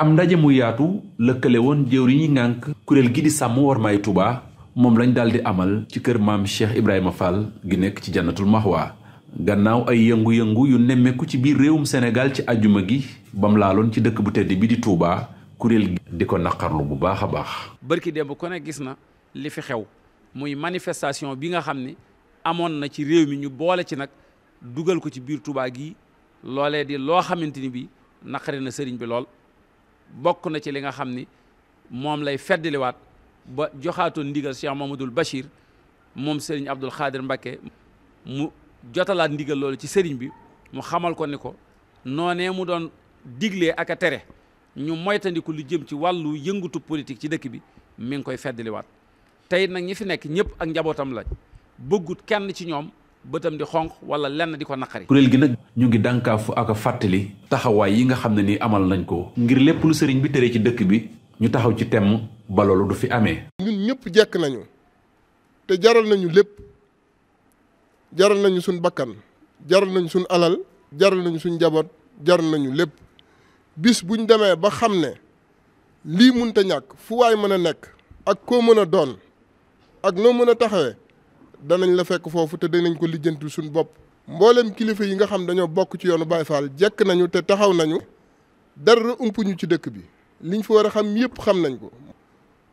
am ndaje mu yaatu lëkkale woon jëwriñ yi ngànk kuréel gi di sàmm warmaay Touba moom lañu daal di amal ci kër maam Cheikh Ibrahima Fall gi nekk ci jannatul Mahwa gannaaw ay yëngu-yëngu yu nemmeeku ci biir réewum senegal ci àjjuma gi bam laaloon ci dëkk bu tedd bi di Touba kuréel gi di ko naqarlu bu baax a baax. barki démb ku ne gis na li fi xew muy manifestation bi nga xam ni amoon na ci réew mi ñu boole ci nag dugal ko ci biir Touba gi loole di loo xamante ni bi naqari na sëriñ bi lool. bokk na ci li nga xam ni moom lay feddliwaat ba joxaatoon ndigal Cheikh Mamadul Bachir moom sëriñ Abdul Xaadir Mbakke mu jotalaat ndigal loolu ci sëriñ bi mu xamal ko ni ko noonee mu doon digle ak a tere ñu moytandiku lu jëm ci wàllu yëngatu politique ci dëkk bi mi ngi koy feddliwaat tey nag ñi fi nekk ñëpp ak njabootam la bëggut kenn ci ñoom bëtam di xonq wala lenn di ko naqari. kuréel gi nag ñu ngi dànkaafu ak fàttali taxawaay yi nga xam ne ni amal nañ ko. ngir lépp lu sëriñ bi tere ci dëkk bi ñu taxaw ci temm ba loolu du fi amee. ñun ñëpp jekk nañu te jaral nañu lépp jaral nañu suñ bakkan jaral nañu suñ alal jaral nañu suñ njaboot jaral nañu lépp bis buñ demee ba xam ne lii munta ñàkk fu waay mën a nekk ak koo mën a doon ak noo mën a taxawee. danañ la fekk foofu te danañ ko lijjanti suñu bopp mboolem kilifa yi nga xam dañoo bokk ci yoonu baay Fall jekk nañu te taxaw nañu dara ñu ci dëkk bi liñ fa war a xam yëpp xam nañ ko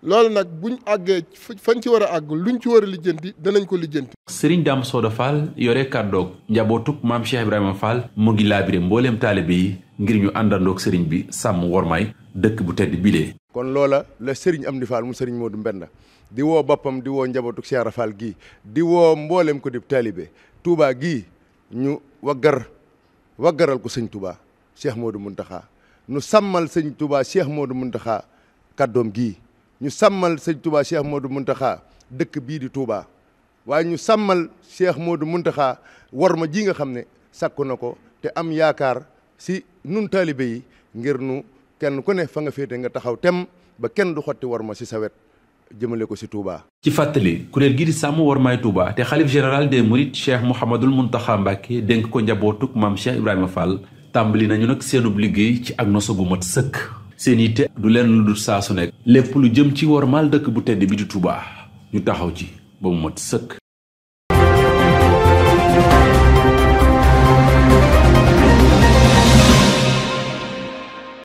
loolu nag buñ àggee fañ ci war a àgg luñ ci war a lijjanti danañ ko lijjanti. Serigne Dame Soda Fall yore kàddoog njabootug maam Cheikh Ibrahima Fall mu ngi laabire mbooleem taalibe yi ngir ñu àndandoog Serigne bi sàmm wormaay dëkk bu tedd bilee kon loola la am Amdi Fall mu Serigne Modou Mbenda di woo boppam di woo njabootu Cheikh Ibra Fall gii di woo mboolem ko di taalibe Touba gii ñu waggar waggaral ko sëñ Touba Cheikh Modou Mountakha ñu sàmmal sëñ Touba Cheikh Modou Mountakha kàddoom gii ñu sàmmal sëñ Touba Cheikh Modou Mountakha dëkk bii di tuubaa waaye ñu sàmmal Cheikh Modou Mountakha war ma ji nga xam ne sakku na ko te am yaakaar si nun taalibe yi ngir nu kenn ku ne fa nga féete nga taxaw tem ba kenn du xotti war ma si sa jëmale ko si Touba. ci fàttali kuréel gi di sàmm wormaay Touba te xalif général des Mourides Cheikh Mouhamadul Mountakha Mbacké dénk ko njabootuk maam Cheikh Ibrahima Fall tàmbali nañu nag seenub liggéey ci ak noso bu mat sëkk. seen yitte du leen lu dul saa su nekk. lépp lu jëm ci wormaal dëkk bu tedd bi di Touba ñu taxaw ci ba mu mat sëkk.